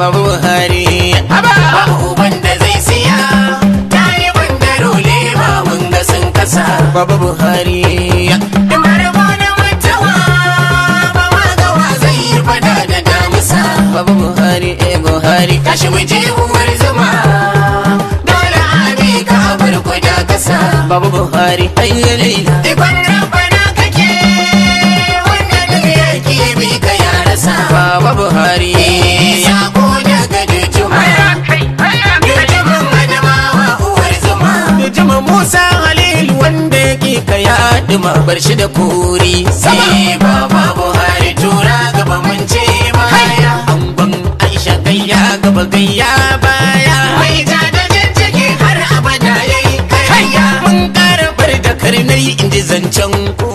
baro hari haba uban da zai siya ta yi bandaro lema mun ga sun kasa baba buhari Baba Buhari, eh Buhari, kashi mu je uwar zama. Dole abi ka bar kuda kasa. Baba Buhari, ayyalai. Ikon rabar musa halil wanda yake ka yaɗi bar shi da kuri. sai eh, baba buhari tura gaba mun ce baya angon aisha gayya gaba gayya baya mai ja da jajjage har abada yayi kariya mun kara bar da karnai inji zancen ku.